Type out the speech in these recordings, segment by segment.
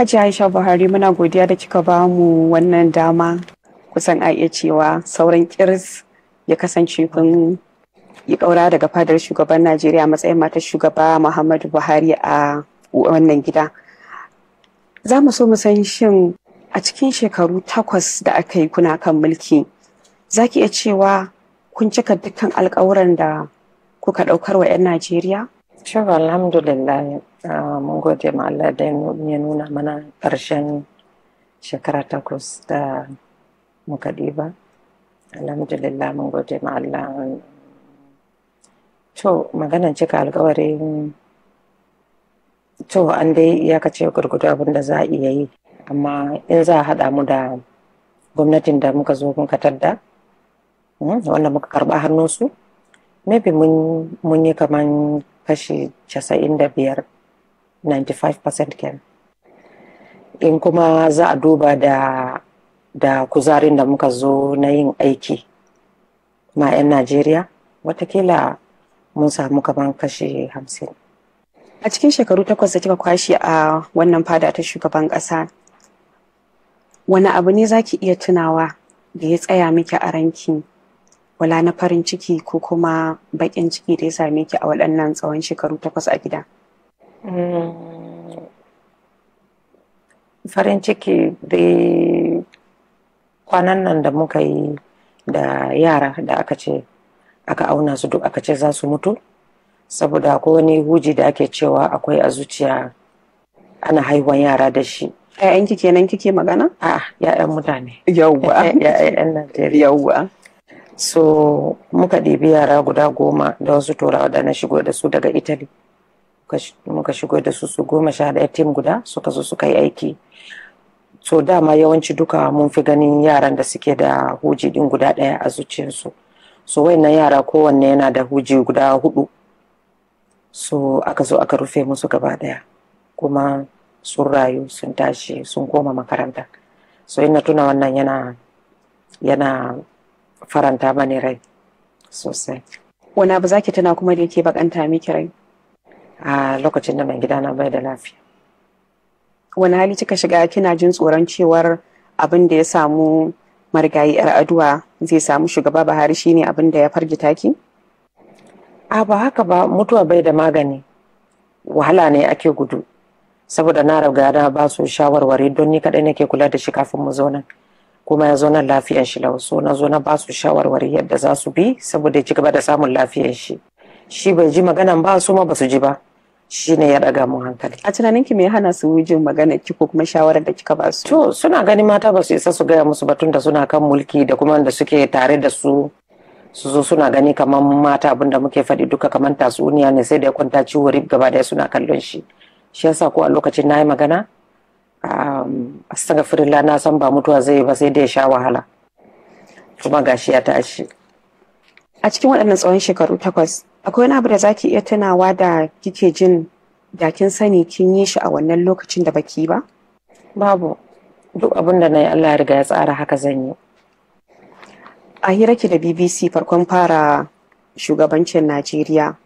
Hajiya Aisha Buhari muna godiya da kika ba mu wannan dama kusan a iya cewa sauran kiris ya kasance kun yi ƙaura daga fadar shugaban Najeriya matsayin matar shugaba Muhammadu Buhari a wannan gida. Za mu so mu san shin a cikin shekaru takwas da aka yi kuna kan mulki za ki iya cewa kun cika dukkan alkawuran da kuka ɗaukar wa 'yan Najeriya? Shaba alhamdulillah mun gode ma Allah da ya nuna mana ƙarshen shekara takwas da muka ɗiba. Alhamdulillah mun gode ma Allah. To maganan cika alkawarin to an dai iyakace gurgudu abin da za a iya yi amma in za a haɗa mu da gwamnatin da muka zo muka tadda wanda muka karɓa hannunsu maybe mun yi kaman kashi 95 95% kenan in kuma za a duba da da kuzarin da muka zo na yin aiki ma 'yan najeriya watakila mun samu kaman kashi hamsin. a cikin shekaru takwas da kika kwashi a wannan fada ta shugaban ƙasa. wani abu ne zaki iya tunawa da ya tsaya miki a ranki wala na farin ciki ko kuma baƙin ciki da ya same ki a waɗannan tsawon shekaru takwas a gida? Mm. farin ciki da kwanan nan da muka yi da yara da aka ce aka auna su duk aka ce za su mutu saboda ko wani huji da ake cewa akwai a zuciya ana haihuwan yara da shi kike kenan kike magana? a ah, ‘ya'yan mutane yawwa ‘ya'yan Najeriya yawwa so muka ɗebi yara guda goma da wasu turawa da na shigo da su daga italy muka shigo da su su goma sha ɗaya tim guda suka zo suka yi aiki so dama yawanci duka mun fi ganin yaran da suke da huji ɗin guda ɗaya a zuciyarsu so wayannan yara kowanne yana da huji guda hudu so aka zo aka rufe musu gaba ɗaya kuma sun rayu sun tashi sun koma makaranta so ina tuna wannan yana yana faranta ba ne rai sosai wani abu zaki tana kuma da yake bakanta miki rai a lokacin da mai gida na bai da lafiya wani hali kika shiga kina jin tsoron cewar abin da ya samu marigayi yar aduwa zai samu shugaba buhari ne abin da ya fargita ki a ba haka ba mutuwa bai da magani wahala ne ake gudu saboda na riga na ba su shawarwari don ni kadai nake kula da shi kafin mu zo nan kuma ya zo nan lafiyan shi lau so na zo na ba su shawarwari yadda za su bi saboda ya ci gaba da samun lafiyan shi shi bai ji maganan ba su ma ba su ji ba shi ne ya daga mu hankali a tunanin ki me hana su jin magana ki ko kuma shawarar da kika ba su to suna gani mata ba su isa su gaya musu ba tunda suna kan mulki da kuma da suke tare da su su zo suna gani kamar mata abinda muke faɗi duka kamar tatsuniya ne sai da ya kwanta ciwo rib gaba daya suna kallon shi shi yasa ko a lokacin na yi magana Um, astaghfirullah na san ba mutuwa zai yi ba sai da ya sha wahala kuma gashi ya tashi a cikin waɗannan tsawon shekaru takwas akwai wani abu da zaki iya tunawa da kike jin da kin sani kin yi shi a wannan lokacin da baki ba babu duk abin da na yi Allah ya riga ya tsara haka zan yi a hira ki da BBC farkon fara shugabancin Najeriya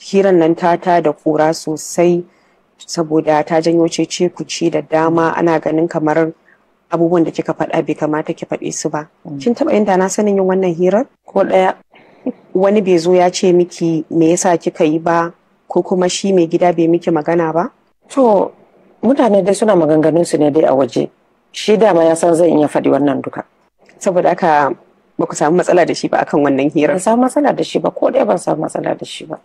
hiran nan ta ta da kura sosai saboda ta janyo cece ci da dama ana ganin kamar abubuwan da kika faɗa bai kamata ki faɗe su ba mm. kin taɓa yin da na sanin yin wannan hirar ko ɗaya wani bai zo ya ce miki me yasa kika yi ba ko kuma shi mai gida bai miki magana ba to mutane dai suna maganganun su ne dai a waje shi dama ya san zan iya faɗi wannan duka saboda haka ba ku samu matsala da shi ba akan wannan hirar ban samu matsala da shi ba ko ɗaya ban samu matsala da shi ba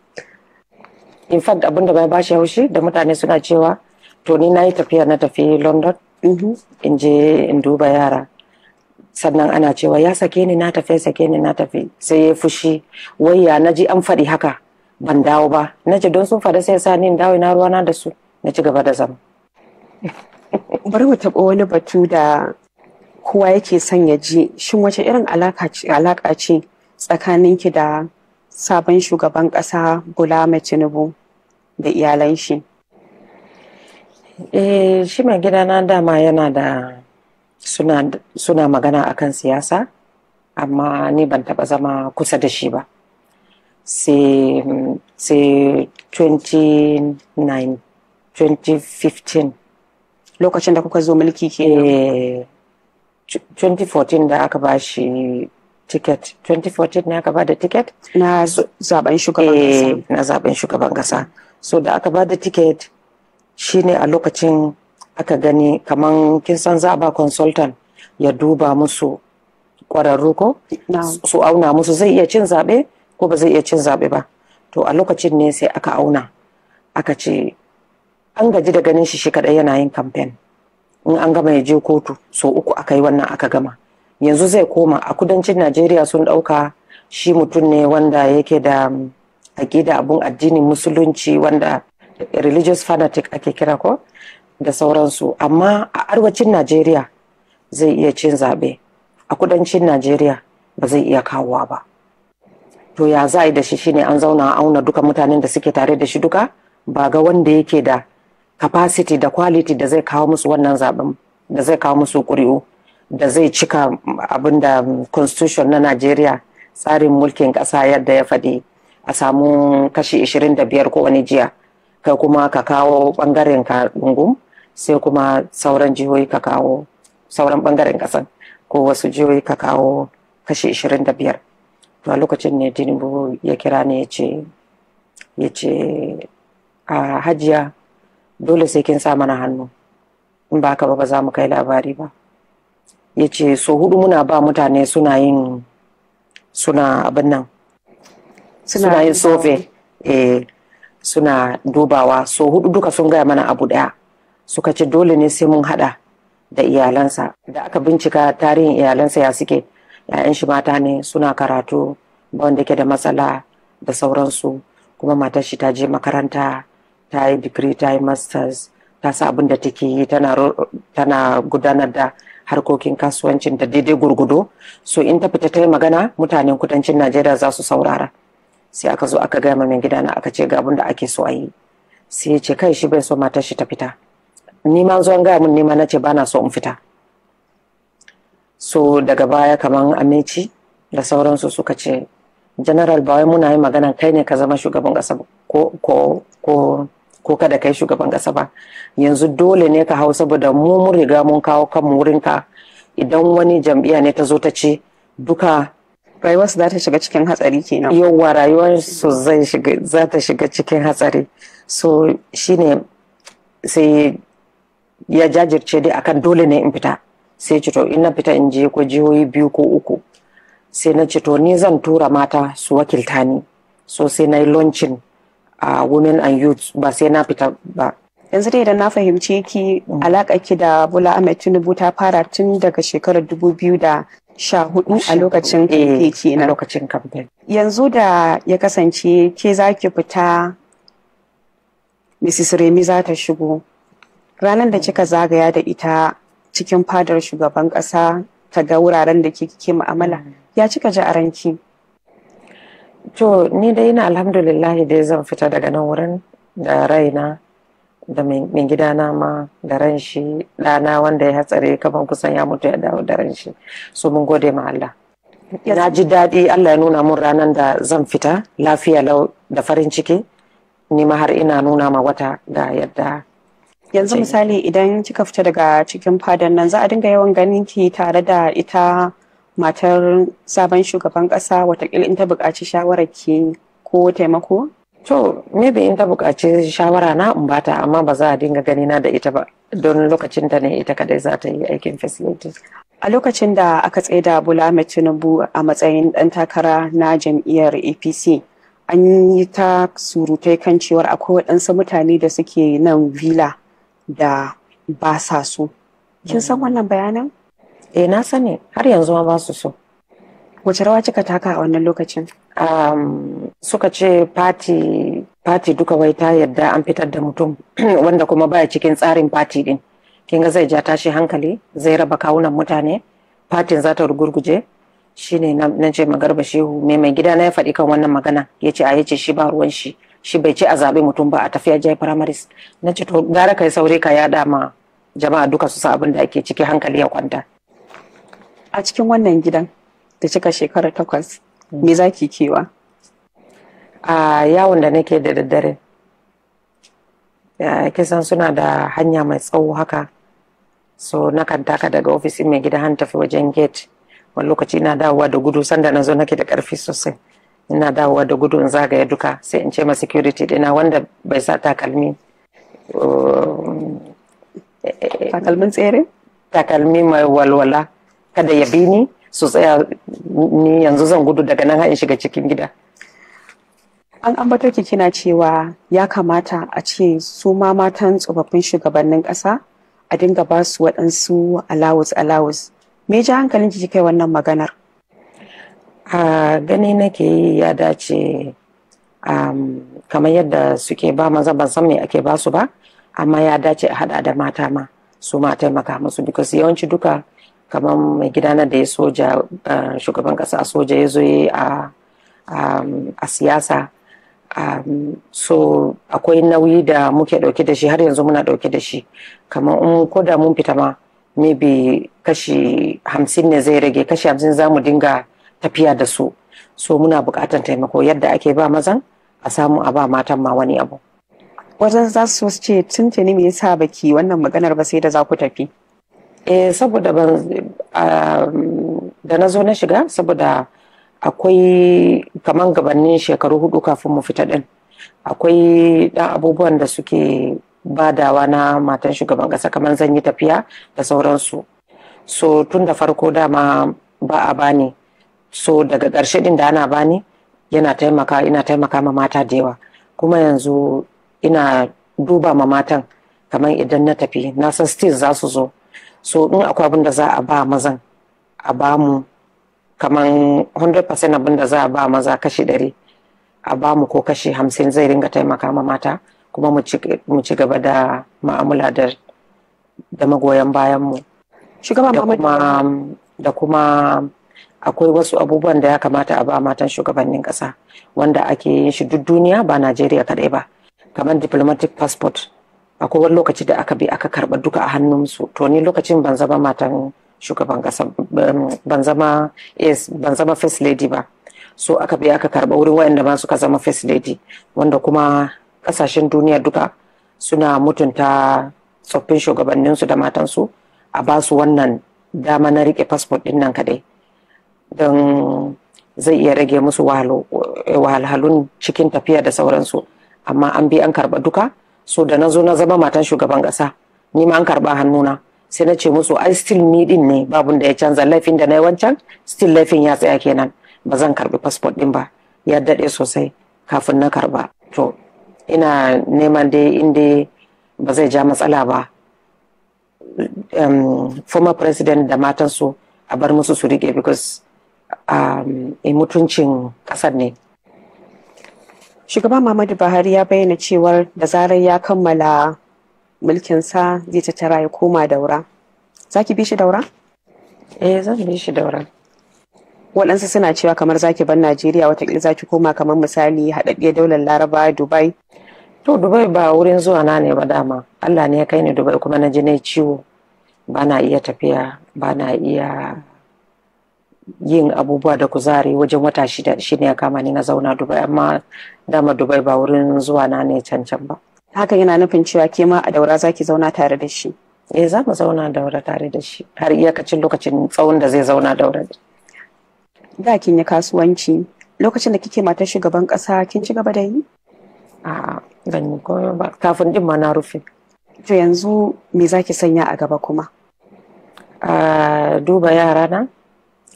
in fact abin da bai bashi haushi da mutane suna cewa to ni na yi tafiya na tafi london mm-hmm. in je in duba yara sannan ana cewa ya sake ni na tafi sake ni na tafi sai ya fushi wayya na ji an faɗi haka ban dawo ba na ji don sun faɗi sai sa ni dawo na na da su na ci gaba da zama bari mu taɓa wani batu da kowa yake son ya ji shin wace irin alaka ce tsakaninki da sabon shugaban ƙasa bulama tinubu da iyalan shi eh shi mai gida na dama yana da suna, suna magana kan siyasa amma ni ban taɓa zama kusa da shi ba sai 2009 2015 lokacin da kuka zo mulki ke 2014 eh. eh, da aka ba shi ticket 2014 ne aka bada ticket na zaben shugaban eh, kasa na zaben shugaban kasa so da aka ba bada ticket shine a lokacin aka gani kaman kin san za ba consultant ya duba musu kwararru ko su auna musu zai iya cin zaɓe ko ba zai iya cin zaɓe ba to a lokacin ne sai aka auna aka ce an gaji da ganin shi shi kaɗai yana yin campaign in an gama ya je kotu so uku aka yi wannan aka gama yanzu zai koma a kudancin najeriya sun ɗauka shi mutum ne wanda yake da mm, aƙida abun addinin musulunci wanda religious fanatic ake kira ko da sauransu amma a arwacin najeriya zai iya cin zaɓe a kudancin najeriya ba zai iya kawowa ba to ya za da shi shine an zauna a auna duka mutanen da suke tare da shi duka ba ga wanda yake da capacity da quality da zai kawo musu wannan zaben da zai kawo musu ƙuri'u da zai cika abin da constitution na Najeriya tsarin mulkin ƙasa yadda ya faɗi a samu kashi 25 wani jiya kai kuma ka kawo ɓangaren ka ɗungum sai kuma sauran jihohi ka kawo sauran ɓangaren ƙasan ko wasu jihohi ka kawo kashi 25 to a lokacin ne tinubu ya kira ne ya ce a hajiya dole sai kin sa mana hannu in ba ka ba ba za mu kai labari ba ya ce so hudu muna ba mutane suna yin suna abin nan suna yin sofe eh, suna dubawa so hudu duka sun gaya mana abu daya suka ce dole ne sai mun hada da iyalansa da aka bincika tarihin iyalansa ya suke yayan shi mata ne suna karatu ba wanda ke da matsala da sauransu kuma matar shi ta je makaranta ta yi digiri ta yi masters ta sa abin da take yi tana gudanar da harkokin kasuwancin da daidai gurgudo so in ta fita ta yi magana mutanen kudancin najeriya za su saurara sai aka zo aka gaya min gidana aka ce gabun da ake so a yi sai ce kai shi bai so matar shi ta fita ni ma gaya min nema na ce ba so in fita so daga baya kamar aminci da sauransu suka ce general ba wai muna yi magana kai ne ka zama shugaban kasa ko ko ko ko kada kai shugaban kasa ba yanzu dole ne ka hau saboda mu mun riga mun kawo kanmu wurinka idan wani jam'iyya ne ta zo ta ce duka rayuwarsu za ta shiga cikin hatsari kenan yawwa rayuwarsu za ta shiga cikin hatsari so shine sai ya jajirce dai akan dole ne in fita sai ce in na fita in je ko jihohi biyu ko uku sai na cito ni zan tura mata su wakilta ni so sai na yi launching a women and youth ba sai na fita ba yanzu dai idan na fahimce ki mm. alaƙa ki da Bola Ahmed Tinubu ta fara tun daga shekarar dubu biyu da sha hudu a lokacin kamfe eh, lokacin kamfen. yanzu da ya kasance ke za ki fita Mrs. Remi za ta shigo ranar da mm. kika zagaya da ita cikin fadar shugaban ƙasa ta ga wuraren da kike ma'amala mm. ya cika ji a ranki to ni dai na alhamdulillah dai zan fita daga nan wurin da raina da gida na ma da ran shi ɗana wanda ya hatsare kaman kusan ya mutu ya dawo da ran shi so mun gode ma Allah na ji daɗi Allah ya nuna mun ranar da zan fita lafiya lau da farin ciki ni ma har ina nuna ma wata da yadda yanzu misali idan kika fita daga cikin fadan nan za a dinga yawan ganin ki tare da ita matar sabon shugaban ƙasa watakila in ta buƙaci shawarar ki ko taimako? To, maybe in ta buƙaci shawara na in bata amma ba za a dinga ganina da ita ba don lokacin da ne ita kadai za ta yi aikin facilities. A lokacin da aka tsaida Bola Tinubu a matsayin ɗan takara na jam'iyyar APC, an yi ta surutai kan cewar akwai waɗansu mutane da suke nan vila da ba sa so. Kin san mm. wannan bayanan? eh na sani har yanzu ma ba su so wace rawa kika taka a wannan lokacin um, suka ce fati fati duka wai ta yadda an fitar da mutum wanda kuma baya cikin tsarin fati din ga zai ja tashi hankali zai raba kawunan mutane fatin za ta rugurguje shine na ce magarba shehu mai mai gida na ya faɗi kan wannan magana ya ce a yace shi ba ruwan shi shi bai ce a zaɓi mutum ba a tafiya jai primaries na ce to gara kai sauri ka yaɗa ma jama'a duka su sa abin da ake ciki hankali ya kwanta a cikin wannan gidan da cika shekara takwas me mm. za ki kewa a yawon da nake da daddare kisan suna da hanya mai tsawo haka so na kan taka daga ofis mai gida han tafi wajen gate wani lokaci na dawowa da gudu sanda na zo nake da karfi sosai ina dawowa da gudu in zagaya duka sai in ce ma security dina wanda bai sa takalmi uh, eh, eh, takalmin tsere takalmi mai walwala kada ya bi ni su tsaya ni yanzu zan gudu daga nan in shiga cikin gida an ambatar ki kina cewa ya kamata a ce su ma matan tsofaffin shugabannin ƙasa a dinga ba su waɗansu alawus alawus me ji hankalin ki kai wannan maganar a gani nake yi ya dace kamar yadda suke ba maza ban san me ake ba su ba amma ya dace a hada da mata ma su ma taimaka musu because yawanci duka kamar mai gida na da ya soja eh, shugaban kasa soja ya zo um, a siyasa um, so akwai nauyi da muke dauke da shi har yanzu muna dauke da shi kamar in ko da mun fita ma maybe kashi hamsin ne zai rage kashi hamsin za mu dinga tafiya da su so muna bukatan taimako yadda ake ba mazan a samu a ba matan ma wani abu wajen za su ce tuntuni me yasa baki wannan maganar ba sai da za ku tafi eh saboda ban da na zo na shiga saboda akwai kaman gabanin shekaru hudu kafin mu fita din akwai dan abubuwan da suke badawa na matan shugaban kasa kamar zan yi tafiya da sauransu so tun da farko dama ba a bani so daga ƙarshe din da ana bani yana taimaka ina taimaka ma mata da yawa kuma yanzu ina duba ma matan kamar idan na tafi na san still za su zo so in akwai abin da za a ba mazan a ba mu kamar 100% abin da za a ba maza kashi ɗari a ba mu ko kashi hamsin zai ringa taimaka ma mata kuma mu ci gaba da ma'amula da magoyan bayanmu da kuma akwai wasu abubuwan da ya kamata a ba matan shugabannin ƙasa wanda ake yin shi duk duniya ba najeriya kaɗai ba kamar diplomatic passport akwai wani lokaci da aka bi aka karba duka a hannunsu to ni lokacin ban zama matan shugaban kasa ban zama yes ban zama first lady ba so aka bi aka karba wurin wayanda ma suka zama first lady wanda kuma kasashen duniya duka suna mutunta tsoffin shugabanninsu da matansu a ba su wannan dama na rike fasfot din nan kadai don zai iya rage musu wahalhalun cikin tafiya da sauransu amma an bi an karba duka so da na zo na zama matan shugaban kasa ni ma an karba hannuna sai na ce musu ai still ni din ne babun da ya canza laifin da na yi wancan still laifin ya tsaya kenan ba zan karbi passport din ba ya daɗe sosai kafin na karba to ina neman dai inda ba zai ja matsala ba um, former president da matansu a bar musu su rike because um, eh, mutuncin ƙasar ne Shugaban Muhammadu Buhari ya bayyana cewar da zarar ya kammala mulkinsa zai tara ya koma daura. Za ki bi shi daura? Eh zan bi shi daura. Waɗansu suna cewa kamar zaki bar Najeriya wata watakila zaki koma kamar misali haɗaɗɗiyar daular Laraba Dubai. To Dubai ba wurin zuwa na ne ba dama. Allah ne ya kai ni Dubai kuma na ji ciwo. Ba na iya tafiya, ba na iya yin abubuwa da kuzari wajen wata shida shine ya kama ni na zauna dubai amma dama dubai ba wurin zuwa na ne cancan ba hakan yana nufin cewa ke ma a daura zaki zauna tare da shi eh za mu zauna daura tare da shi har iyakacin lokacin tsawon da zai zauna daura da kin yi kasuwanci lokacin da kike matar shugaban kasa kin ci gaba da yi a'a ban yi komai ba kafin din ma na rufe to yanzu me zaki sanya a gaba kuma a ah, duba yara na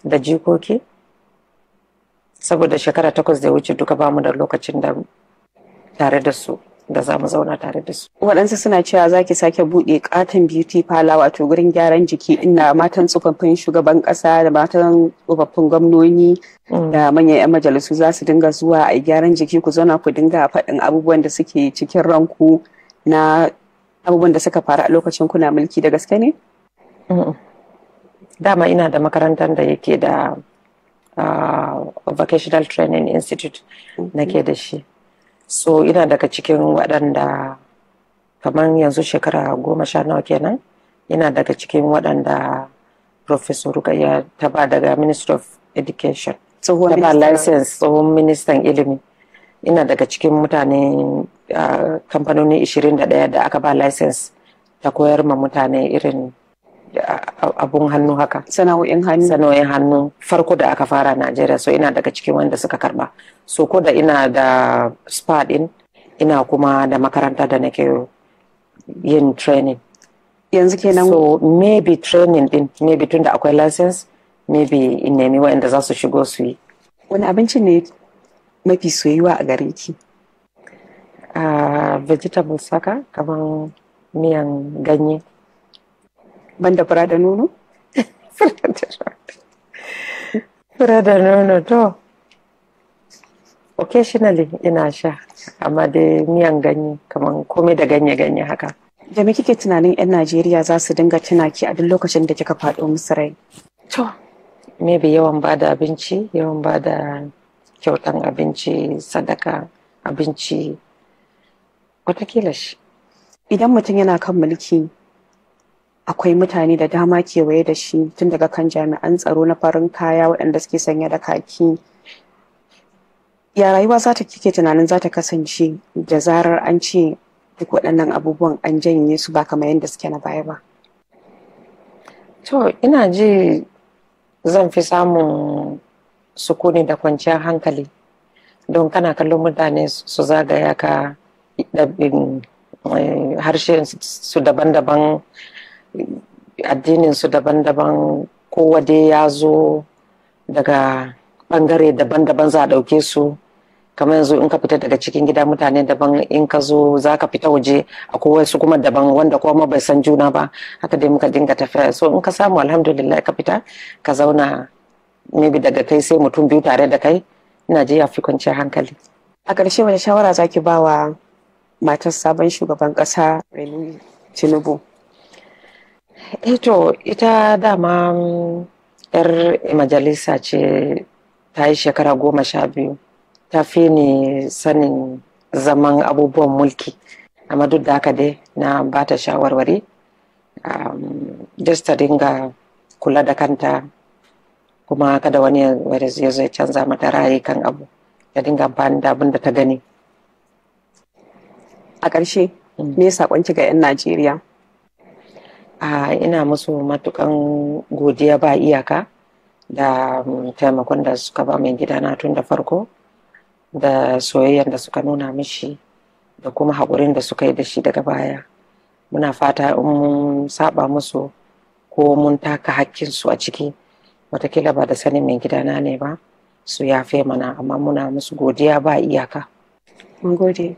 da jikoki saboda shekara takwas da ya wuce duka bamu da lokacin da tare da su da za mu zauna tare da su. Waɗansu suna cewa za ki sake buɗe katon beauty parlor wato gurin gyaran jiki inda matan tsofaffin shugaban ƙasa da matan tsofaffin gwamnoni mm. da manyan 'yan majalisu za su dinga zuwa a gyaran jiki ku zauna ku dinga faɗin abubuwan da suke cikin ranku na abubuwan da suka faru a lokacin kuna mulki da gaske ne? Mm. dama ina da makarantar da yake da vocational training institute nake mhm. da shi so ina daga cikin waɗanda kamar yanzu shekara goma sha nawa kenan ina daga cikin waɗanda professor rukaya ta ba daga ministry of education ta ba license tsohon ministan ilimi ina daga cikin mutane kamfanoni 21 da aka ba license ta koyar ma mutane irin abun hannu haka sana'o'in hannu sana'o'in hannu farko da aka fara Najeriya so ina daga cikin wanda suka karba so ko da ina da spa din ina kuma da makaranta da nake yin training yanzu kenan so maybe training din maybe tunda akwai license maybe in nemi wa'anda za su shigo su yi wani abinci ne mafi soyuwa a gare ki uh, ah, vegetable saka kamar miyan ganye banda fura da nono fura da nono to occasionally ina sha amma dai miyan ganye kamar komai da ganye-ganye haka da me kike tunanin 'yan najeriya za su dinga tuna ki a duk lokacin da kika faɗo musu rai to maybe yawan ba da abinci yawan ba da kyautan abinci sadaka abinci watakila shi idan mutum yana kan mulki akwai mutane da dama kewaye da shi tun daga kan jami'an tsaro na farin kaya waɗanda suke sanya da kaki ya rayuwa za ta kike tunanin za ta kasance da zarar an ce duk waɗannan abubuwan an janye su ba kamar yadda suke na baya ba to ina ji zan fi samun sukuni da kwanciyar hankali don kana kallon mutane su zagaya ka eh, harshe su daban-daban addininsu daban-daban kowa dai ya zo daga bangare daban-daban za a ɗauke su kamar yanzu in ka fita daga cikin gida mutane daban in ka zo za ka fita waje kowai su kuma daban wanda kuma bai san juna ba haka dai muka dinga tafiya so in ka samu alhamdulillah ka fita ka zauna maybe daga kai sai mutum biyu tare da kai ina je ya fi kwanciyar hankali a ƙarshe wani shawara zaki ba wa matar sabon shugaban ƙasa Tinubu. Eto, eh, ita dama mm, yar majalisa ce ta yi shekara goma sha biyu ta fi ni sanin zaman abubuwan mulki amma duk da haka dai na ba ta shawarwari um, just ta dinga kula da kanta kuma kada wani ya zo canza mata ra'ayi kan abu ta dinga amfani da abin da ta gani a ƙarshe mm. me saƙonki ga 'yan najeriya ina musu matukan godiya ba iyaka da mm, taimakon da suka ba mai gidana tun da farko da soyayyar da suka nuna mishi da kuma haƙurin da suka yi da shi daga baya muna fata in mun saba musu ko mun taka hakkinsu a ciki watakila ba da sanin mai gida na ne ba su yafe mana amma muna musu godiya ba iyaka. gode.